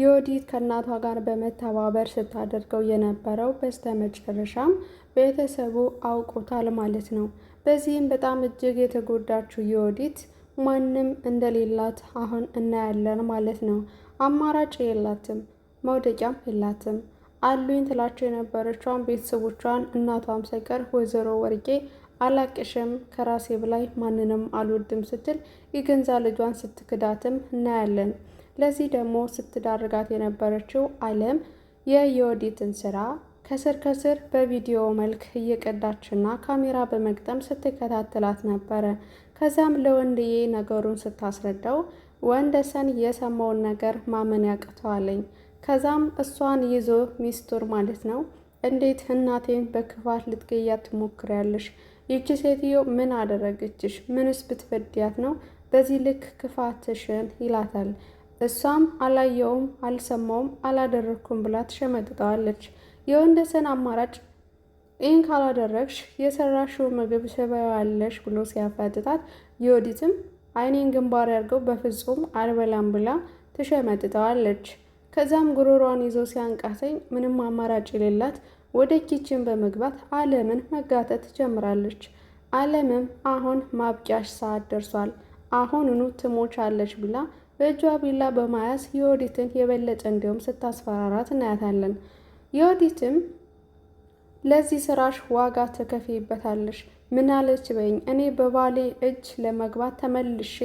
ዮዲት ከእናቷ ጋር በመተባበር ስታደርገው የነበረው በስተመጨረሻም ቤተሰቡ አውቆታል ማለት ነው። በዚህም በጣም እጅግ የተጎዳችው ዮዲት ማንም እንደሌላት አሁን እናያለን ማለት ነው። አማራጭ የላትም፣ መውደቂያም የላትም። አሉኝ ትላቸው የነበረቿን ቤተሰቦቿን እናቷም ሳይቀር ወይዘሮ ወርቄ አላቅሽም ከራሴ በላይ ማንንም አልወድም ስትል የገንዛ ልጇን ስትክዳትም እናያለን። ለዚህ ደግሞ ስትዳርጋት የነበረችው አለም የዮዲትን ስራ ከስር ከስር በቪዲዮ መልክ እየቀዳችና ካሜራ በመግጠም ስትከታተላት ነበረ። ከዛም ለወንድዬ ነገሩን ስታስረዳው ወንደሰን የሰማውን ነገር ማመን ያቅተዋለኝ። ከዛም እሷን ይዞ ሚስቱር ማለት ነው እንዴት እናቴን በክፋት ልትገያት ትሞክሪያለሽ? ይቺ ሴትዮ ምን አደረገችሽ? ምንስ ብትበድያት ነው በዚህ ልክ ክፋትሽን ይላታል። እሷም አላየውም፣ አልሰማውም፣ አላደረግኩም ብላ ትሸመጥጠዋለች። የወንደሰን አማራጭ ይህን ካላደረግሽ የሰራሽው ምግብ ስበያለሽ ብሎ ሲያፋጥጣት የወዲትም አይኔን ግንባር ያድርገው በፍጹም አልበላም ብላ ትሸመጥጠዋለች። ከዛም ጉሮሯን ይዞ ሲያንቃተኝ ምንም አማራጭ የሌላት ወደ ኪችን በመግባት አለምን መጋተት ትጀምራለች። አለምም አሁን ማብቂያሽ ሰዓት ደርሷል፣ አሁኑኑ ትሞቻለች ብላ በእጇ ቢላ በማያዝ የወዲትን የበለጠ እንዲሁም ስታስፈራራት እናያታለን። የወዲትም ለዚህ ስራሽ ዋጋ ትከፍይበታለሽ። ምናለች በኝ እኔ በባሌ እጅ ለመግባት ተመልሼ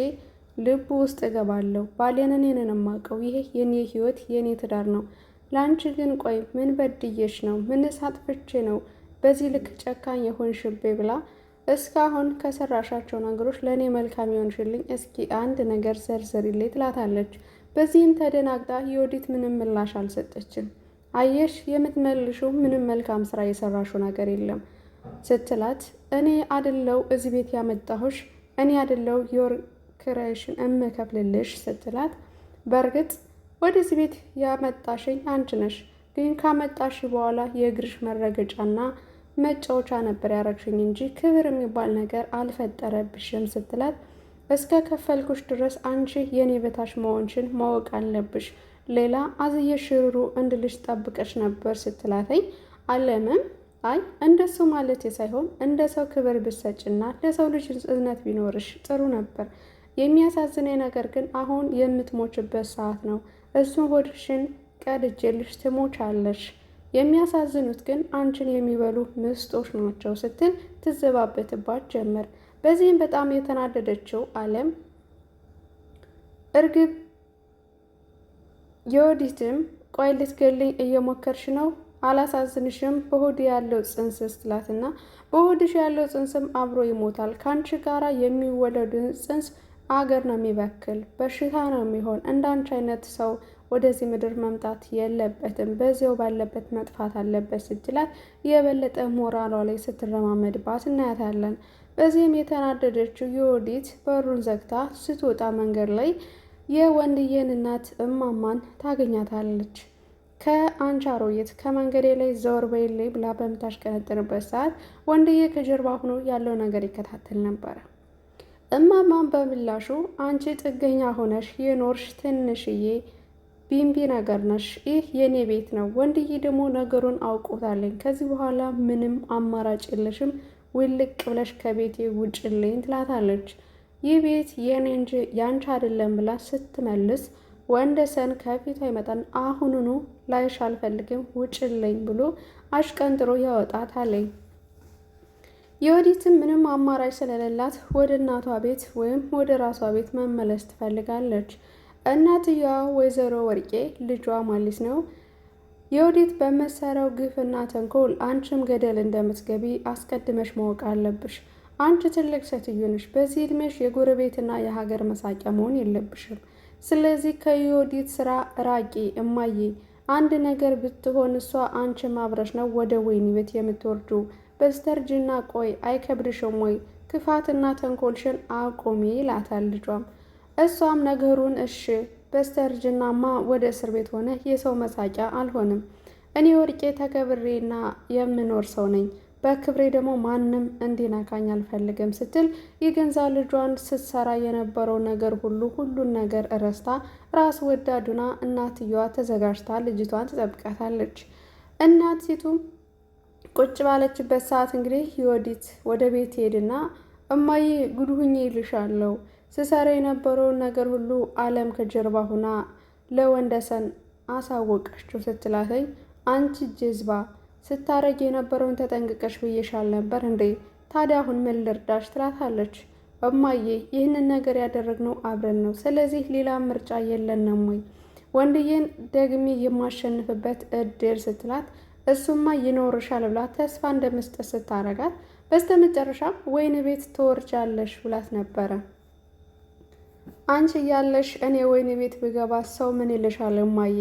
ልቡ ውስጥ እገባለሁ። ባሌን እኔን እማቀው ይሄ የኔ ህይወት የኔ ትዳር ነው። ለአንቺ ግን ቆይ ምን በድዬሽ ነው? ምንስ አጥፍቼ ነው በዚህ ልክ ጨካኝ የሆንሽቤ? ብላ እስካሁን ከሰራሻቸው ነገሮች ለእኔ መልካም ይሆንሽልኝ፣ እስኪ አንድ ነገር ዘርዝሪልኝ ትላታለች። በዚህም ተደናግጣ የወዲት ምንም ምላሽ አልሰጠችም። አየሽ የምትመልሽው ምንም መልካም ስራ የሰራሽው ነገር የለም ስትላት እኔ አደለው እዚህ ቤት ያመጣሁሽ እኔ አደለው የወር ክራይሽን እምከፍልልሽ ስትላት በእርግጥ ወደዚህ ቤት ያመጣሽኝ አንቺ ነሽ፣ ግን ካመጣሽ በኋላ የእግርሽ መረገጫና መጫወቻ ነበር ያረግሽኝ እንጂ ክብር የሚባል ነገር አልፈጠረብሽም ስትላት እስከ ከፈልኩሽ ድረስ አንቺ የኔ በታች መሆንሽን ማወቅ አለብሽ። ሌላ አዝዬ ሽሩሩ እንድልሽ ጠብቀሽ ነበር ስትላተኝ አለምም አይ እንደሱ ማለት ሳይሆን እንደ ሰው ክብር ብሰጭና ለሰው ልጅ እዝነት ቢኖርሽ ጥሩ ነበር። የሚያሳዝነኝ ነገር ግን አሁን የምትሞችበት ሰዓት ነው። እሱን ሆድሽን ቀድጄልሽ ትሞቻለሽ። የሚያሳዝኑት ግን አንቺን የሚበሉ ምስጦች ናቸው ስትል ትዘባበትባት ጀመር። በዚህም በጣም የተናደደችው አለም እርግብ የወዲትም ቆይ ልትገልኝ እየሞከርሽ ነው አላሳዝንሽም በሆድ ያለው ጽንስ ስትላትና በሆድሽ ያለው ጽንስም አብሮ ይሞታል። ከአንቺ ጋር የሚወለዱን ጽንስ አገር ነው የሚበክል፣ በሽታ ነው የሚሆን እንዳንቺ አይነት ሰው ወደዚህ ምድር መምጣት የለበትም፣ በዚያው ባለበት መጥፋት አለበት ስትላት የበለጠ ሞራሏ ላይ ስትረማመድባት እናያታለን። በዚህም የተናደደችው የወዲት በሩን ዘግታ ስትወጣ መንገድ ላይ የወንድዬን እናት እማማን ታገኛታለች። ከአንቻሮ የት ከመንገዴ ላይ ዘወር በይልኝ ብላ በምታሽቀነጥንበት ሰዓት ወንድዬ ከጀርባ ሆኖ ያለው ነገር ይከታተል ነበረ። እማማን በምላሹ አንቺ ጥገኛ ሆነሽ የኖርሽ ትንሽዬ ቢምቢ ነገር ነሽ፣ ይህ የእኔ ቤት ነው። ወንድዬ ደግሞ ነገሩን አውቆታለኝ። ከዚህ በኋላ ምንም አማራጭ የለሽም፣ ውልቅ ብለሽ ከቤቴ ውጭልኝ ትላታለች። ይህ ቤት የኔ እንጂ ያንቺ አይደለም ብላ ስትመልስ ወንደሰን ከፊቷ ይመጣን። አሁኑኑ ላይሽ አልፈልግም ውጭልኝ ብሎ አሽቀንጥሮ ያወጣታለኝ። የወዲትም ምንም አማራጭ ስለሌላት ወደ እናቷ ቤት ወይም ወደ ራሷ ቤት መመለስ ትፈልጋለች። እናትየዋ ወይዘሮ ወርቄ ልጇ ማለት ነው የወዲት በመሰረው ግፍና ተንኮል አንቺም ገደል እንደምትገቢ አስቀድመሽ ማወቅ አለብሽ። አንቺ ትልቅ ሴትዮ ነሽ። በዚህ ዕድሜሽ የጎረቤትና የሀገር መሳቂያ መሆን የለብሽም። ስለዚህ ከዮዲት ስራ ራቂ እማዬ። አንድ ነገር ብትሆን እሷ አንቺ አብረሽ ነው ወደ ወይን ቤት የምትወርዱ። በስተርጅና ቆይ አይከብድሽም ወይ? ክፋትና ተንኮልሽን አቁሚ ይላታል ልጇም። እሷም ነገሩን እሺ በስተርጅናማ ወደ እስር ቤት ሆነ የሰው መሳቂያ አልሆንም። እኔ ወርቄ ተከብሬና የምኖር ሰው ነኝ። በክብሬ ደግሞ ማንም እንዲነካኝ አልፈልግም ስትል የገንዛ ልጇን ስትሰራ የነበረው ነገር ሁሉ ሁሉን ነገር እረስታ ራስ ወዳዱና እናትየዋ ተዘጋጅታ ልጅቷን ትጠብቃታለች። እናት ቁጭ ባለችበት ሰዓት እንግዲህ ወዲት ወደ ቤት ሄድና እማዬ ጉድ ሁኜ ስሰራ የነበረውን ነገር ሁሉ አለም ከጀርባ ሁና ለወንደሰን አሳወቀችው ስትላተኝ አንቺ ጀዝባ ስታረግ የነበረውን ተጠንቅቀሽ ብዬሻል ነበር እንዴ? ታዲያ አሁን ምን ልርዳሽ? ትላታለች። እማዬ ይህንን ነገር ያደረግነው አብረን ነው፣ ስለዚህ ሌላ ምርጫ የለንም ወይ ወንድዬን ደግሜ የማሸንፍበት እድል ስትላት እሱማ ይኖርሻል ብላ ተስፋ እንደመስጠት ስታረጋት በስተመጨረሻም ወይን ቤት ትወርጃለሽ ብላት ነበረ። አንቺ እያለሽ እኔ ወይን ቤት ብገባ ሰው ምን ይልሻል? እማዬ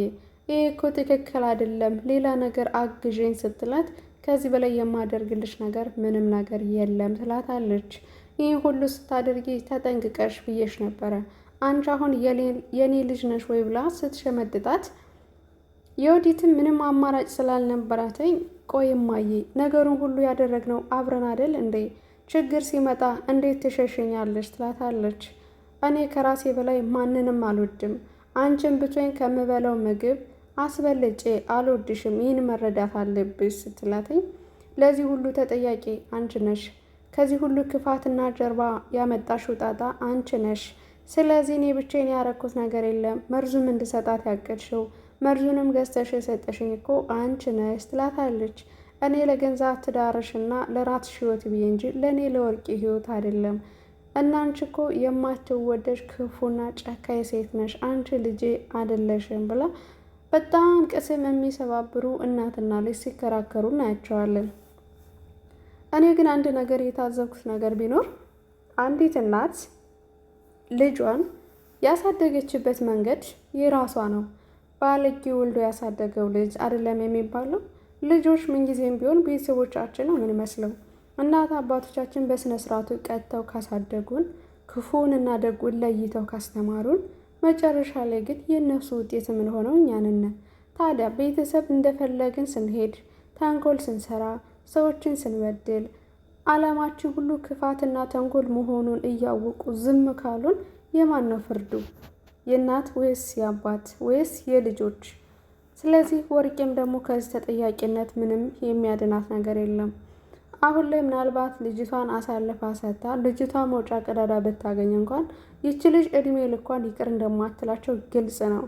ይህ እኮ ትክክል አይደለም፣ ሌላ ነገር አግዥኝ ስትላት ከዚህ በላይ የማደርግልሽ ነገር ምንም ነገር የለም ትላታለች። ይህ ሁሉ ስታደርጊ ተጠንቅቀሽ ብዬሽ ነበረ። አንቺ አሁን የኔ ልጅ ነሽ ወይ ብላ ስትሸመጥጣት የወዲትም ምንም አማራጭ ስላልነበራትኝ ቆይ እማዬ ነገሩን ሁሉ ያደረግነው አብረን አደል እንዴ? ችግር ሲመጣ እንዴት ትሸሽኛለች? ትላታለች እኔ ከራሴ በላይ ማንንም አልወድም። አንቺን ብቻዬን ከምበላው ምግብ አስበልጬ አልወድሽም። ይህን መረዳት አለብሽ ስትላትኝ ለዚህ ሁሉ ተጠያቂ አንቺ ነሽ። ከዚህ ሁሉ ክፋትና ጀርባ ያመጣሽው ጣጣ አንቺ ነሽ። ስለዚህ እኔ ብቻዬን ያረኩት ነገር የለም። መርዙም እንድሰጣት ያቀድሽው መርዙንም ገዝተሽ የሰጠሽኝ እኮ አንቺ ነሽ ትላታለች። እኔ ለገንዘብ ትዳርሽና ለራስሽ ህይወት ብዬ እንጂ ለእኔ ለወርቂ ህይወት አይደለም እና አንቺ እኮ የማትወደድ ክፉና ጨካኝ ሴት ነሽ፣ አንቺ ልጄ አይደለሽም ብላ በጣም ቅስም የሚሰባብሩ እናትና ልጅ ሲከራከሩ እናያቸዋለን። እኔ ግን አንድ ነገር የታዘብኩት ነገር ቢኖር አንዲት እናት ልጇን ያሳደገችበት መንገድ የራሷ ነው። ባለጌ ወልዶ ያሳደገው ልጅ አይደለም የሚባለው። ልጆች ምንጊዜም ቢሆን ቤተሰቦቻችን ነው የምንመስለው። እናት አባቶቻችን በስነ ስርዓቱ ቀጥተው ካሳደጉን እና ደጉን ለይተው ካስተማሩን መጨረሻ ላይ ግን የእነሱ ውጤት ምን ሆነው እኛንነ ታዲያ ቤተሰብ እንደፈለግን ስንሄድ፣ ተንኮል ስንሰራ፣ ሰዎችን ስንበድል አላማችን ሁሉ ክፋትና ተንኮል መሆኑን እያወቁ ዝም ካሉን የማን ነው ፍርዱ? የእናት ወይስ የአባት ወይስ የልጆች? ስለዚህ ወርቄም ደግሞ ከዚህ ተጠያቂነት ምንም የሚያድናት ነገር የለም። አሁን ላይ ምናልባት ልጅቷን አሳልፋ ሰጥታ ልጅቷ መውጫ ቀዳዳ ብታገኝ እንኳን ይቺ ልጅ እድሜ ልኳን ይቅር እንደማትላቸው ግልጽ ነው።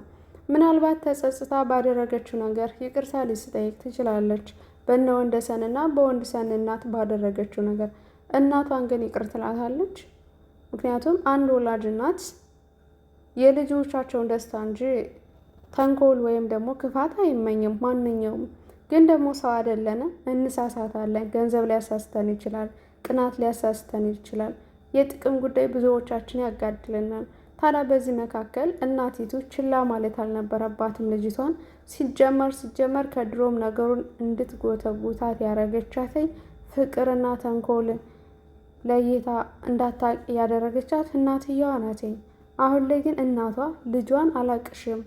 ምናልባት ተጸጽታ ባደረገችው ነገር ይቅርታ ልትጠይቅ ትችላለች፣ በነ በወንድ ሰን እናት ባደረገችው ነገር። እናቷን ግን ይቅር ትላታለች? ምክንያቱም አንድ ወላጅ እናት የልጆቻቸውን ደስታ እንጂ ተንኮል ወይም ደግሞ ክፋት አይመኝም ማንኛውም ግን ደግሞ ሰው አይደለን፣ እንሳሳታለን። ገንዘብ ሊያሳስተን ይችላል። ቅናት ሊያሳስተን ይችላል። የጥቅም ጉዳይ ብዙዎቻችን ያጋድልናል። ታዲያ በዚህ መካከል እናቲቱ ችላ ማለት አልነበረባትም ልጅቷን። ሲጀመር ሲጀመር ከድሮም ነገሩን እንድትጎተጉታት ያደረገቻትኝ ፍቅርና ተንኮል ለይታ እንዳታቅ ያደረገቻት እናትየዋ ናትኝ። አሁን ላይ ግን እናቷ ልጇን አላቅሽም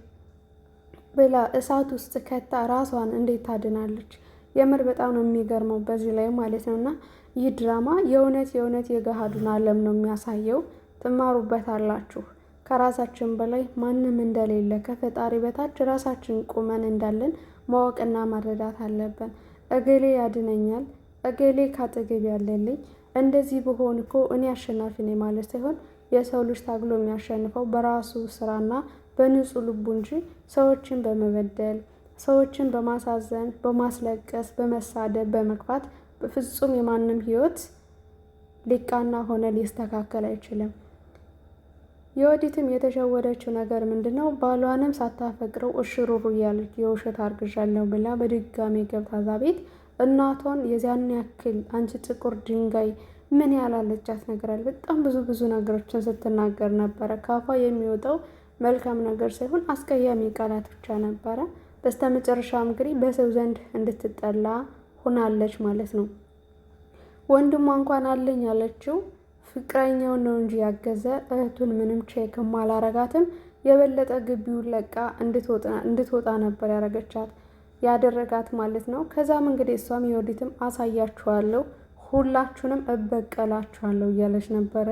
ብላ እሳት ውስጥ ከታ ራሷን እንዴት ታድናለች? የምር በጣም ነው የሚገርመው በዚህ ላይ ማለት ነው። እና ይህ ድራማ የእውነት የእውነት የገሃዱን ዓለም ነው የሚያሳየው። ትማሩበታላችሁ። ከራሳችን በላይ ማንም እንደሌለ ከፈጣሪ በታች ራሳችን ቁመን እንዳለን ማወቅና መረዳት አለብን። እገሌ ያድነኛል፣ እገሌ ካጠገብ ያለልኝ፣ እንደዚህ በሆን እኮ እኔ አሸናፊ ነኝ ማለት ሳይሆን የሰው ልጅ ታግሎ የሚያሸንፈው በራሱ ስራና በንጹህ ልቡ እንጂ ሰዎችን በመበደል ሰዎችን በማሳዘን በማስለቀስ በመሳደብ በመግፋት በፍጹም የማንም ህይወት ሊቃና ሆነ ሊስተካከል አይችልም። የወዲትም የተሸወደችው ነገር ምንድ ነው? ባሏንም ሳታፈቅረው እሽሩሩ እያለች የውሸት አርግዣለሁ ብላ በድጋሚ ገብታ እዛ ቤት እናቷን የዚያን ያክል አንቺ ጥቁር ድንጋይ ምን ያላለቻት ነገር አለ። በጣም ብዙ ብዙ ነገሮችን ስትናገር ነበረ። ካፏ የሚወጣው መልካም ነገር ሳይሆን አስቀያሚ ቃላት ብቻ ነበረ። በስተ መጨረሻም እንግዲህ በሰው ዘንድ እንድትጠላ ሆናለች ማለት ነው። ወንድሟ እንኳን አለኝ ያለችው ፍቅረኛውን ነው እንጂ ያገዘ እህቱን ምንም ቼክም አላረጋትም። የበለጠ ግቢውን ለቃ እንድትወጣ ነበር ያረገቻት ያደረጋት ማለት ነው። ከዛም እንግዲህ እሷም የወዲትም አሳያችኋለሁ፣ ሁላችሁንም እበቀላችኋለሁ እያለች ነበረ።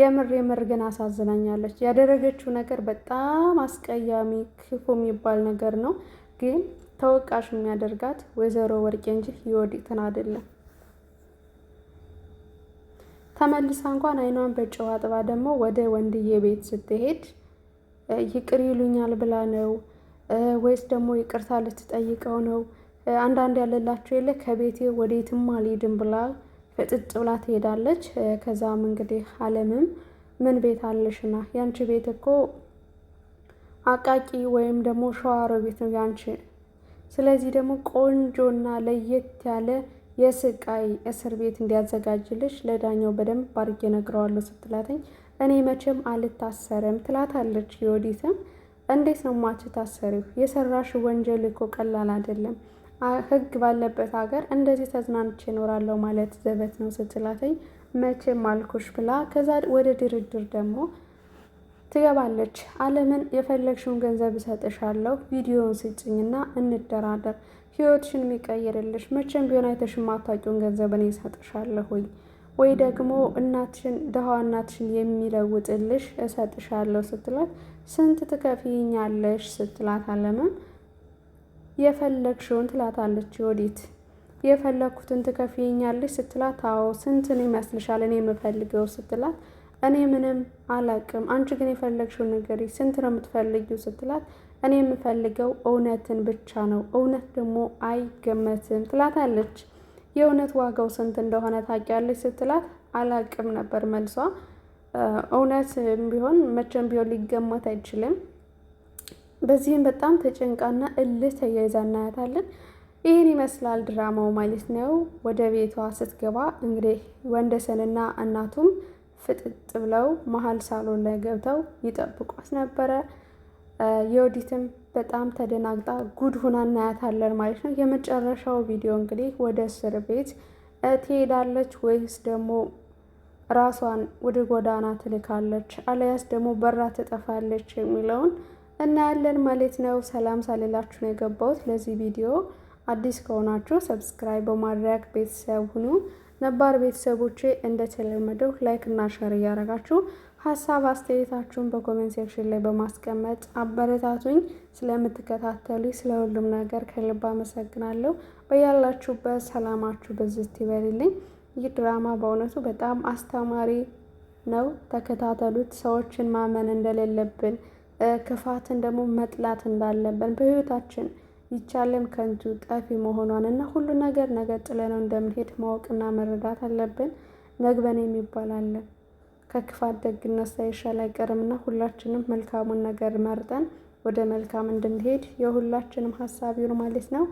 የምር የምር ግን አሳዝናኛለች። ያደረገችው ነገር በጣም አስቀያሚ ክፉ የሚባል ነገር ነው። ግን ተወቃሽ የሚያደርጋት ወይዘሮ ወርቄ እንጂ የወዲትን አይደለም። ተመልሳ እንኳን አይኗን በጨው አጥባ ደግሞ ወደ ወንድዬ ቤት ስትሄድ ይቅር ይሉኛል ብላ ነው ወይስ ደግሞ ይቅርታ ልትጠይቀው ነው? አንዳንድ ያለላቸው የለ ከቤቴ ወዴትም አልሄድም ብላ ፍጥጥ ብላ ትሄዳለች። ከዛም እንግዲህ አለምም ምን ቤት አለሽና ያንቺ ቤት እኮ አቃቂ ወይም ደግሞ ሸዋሮ ቤት ነው ያንቺ። ስለዚህ ደግሞ ቆንጆና ለየት ያለ የስቃይ እስር ቤት እንዲያዘጋጅልሽ ለዳኛው በደንብ ባርጌ ነግረዋለሁ ስትላተኝ እኔ መቼም አልታሰርም ትላታለች። የወዲትም እንዴት ነው ማች ታሰሪው? የሰራሽ ወንጀል እኮ ቀላል አይደለም። ህግ ባለበት ሀገር እንደዚህ ተዝናንቼ እኖራለሁ ማለት ዘበት ነው ስትላተኝ መቼም አልኩሽ ብላ ከዛ ወደ ድርድር ደግሞ ትገባለች። አለምን የፈለግሽውን ገንዘብ እሰጥሻለሁ፣ ቪዲዮውን ስጭኝና እንደራደር፣ ህይወትሽን የሚቀይርልሽ መቼም ቢሆን አይተሽ የማታውቂውን ገንዘብ እኔ እሰጥሻለሁኝ ወይ ደግሞ እናትሽን ደሃዋ እናትሽን የሚለውጥልሽ እሰጥሻለሁ ስትላት ስንት ትከፍይኛለሽ ስትላት አለምን የፈለግሽውን ትላታለች ወዲት የፈለግኩትን ትከፍይኛለች ስትላት፣ አዎ ስንትን ይመስልሻል እኔ የምፈልገው ስትላት፣ እኔ ምንም አላቅም፣ አንቺ ግን የፈለግሽውን ነገር ስንት ነው የምትፈልጊው ስትላት፣ እኔ የምፈልገው እውነትን ብቻ ነው፣ እውነት ደግሞ አይገመትም ትላታለች። የእውነት ዋጋው ስንት እንደሆነ ታውቂያለች ስትላት፣ አላቅም ነበር መልሷ። እውነት ቢሆን መቼም ቢሆን ሊገመት አይችልም በዚህም በጣም ተጨንቃና እልህ ተያይዛ እናያታለን። ይህን ይመስላል ድራማው ማለት ነው። ወደ ቤቷ ስትገባ እንግዲህ ወንደሰንና እናቱም ፍጥጥ ብለው መሀል ሳሎን ላይ ገብተው ይጠብቋት ነበረ። የወዲትም በጣም ተደናግጣ ጉድ ሁና እናያታለን ማለት ነው። የመጨረሻው ቪዲዮ እንግዲህ ወደ እስር ቤት ትሄዳለች ወይስ ደግሞ ራሷን ወደ ጎዳና ትልካለች፣ አለያስ ደግሞ በራ ትጠፋለች የሚለውን እናያለን ማለት ነው። ሰላም ሳልላችሁ ነው የገባሁት። ለዚህ ቪዲዮ አዲስ ከሆናችሁ ሰብስክራይብ በማድረግ ቤተሰብ ሁኑ። ነባር ቤተሰቦቼ እንደተለመደው ላይክ እና ሸር እያደረጋችሁ ሀሳብ አስተያየታችሁን በኮሜንት ሴክሽን ላይ በማስቀመጥ አበረታቱኝ። ስለምትከታተሉ ስለ ሁሉም ነገር ከልብ አመሰግናለሁ። በያላችሁበት ሰላማችሁ በዝት ይበልልኝ። ይህ ድራማ በእውነቱ በጣም አስተማሪ ነው። ተከታተሉት። ሰዎችን ማመን እንደሌለብን ክፋትን ደግሞ መጥላት እንዳለብን በህይወታችን ይቻለን ከንቱ ጠፊ መሆኗን እና ሁሉ ነገር ነገ ጥለነው እንደምንሄድ ማወቅና መረዳት አለብን። ነግበኔ የሚባል አለ። ከክፋት ደግነት ሳይሻል አይቀርምና ሁላችንም መልካሙን ነገር መርጠን ወደ መልካም እንድንሄድ የሁላችንም ሀሳብ ይሁን ማለት ነው።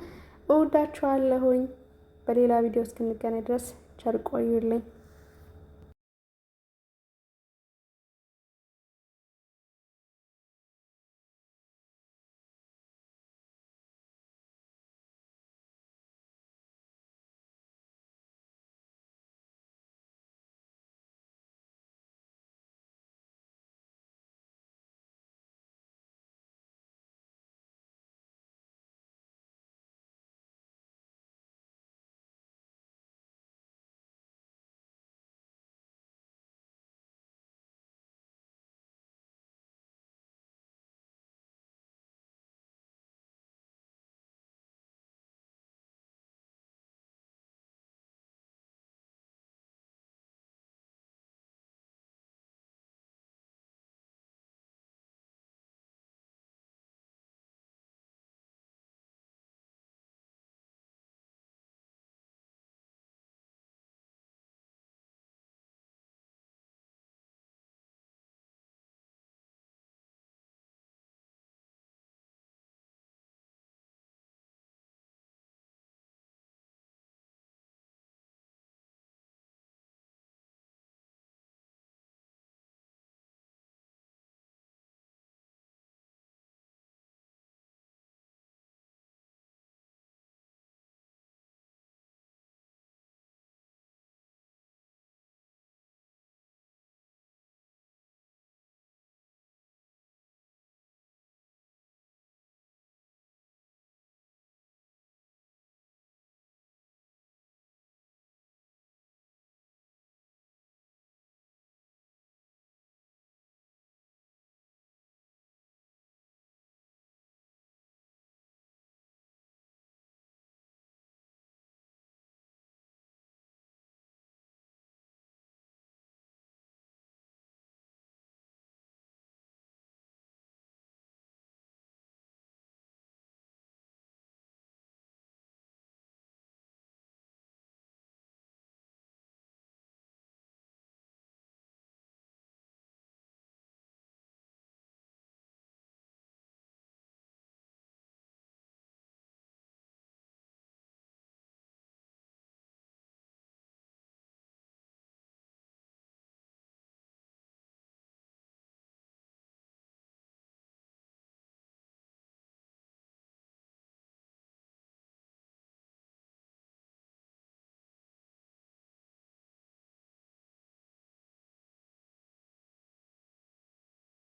እወዳችኋለሁኝ። በሌላ ቪዲዮ እስክንገናኝ ድረስ ቸር ቆዩልኝ።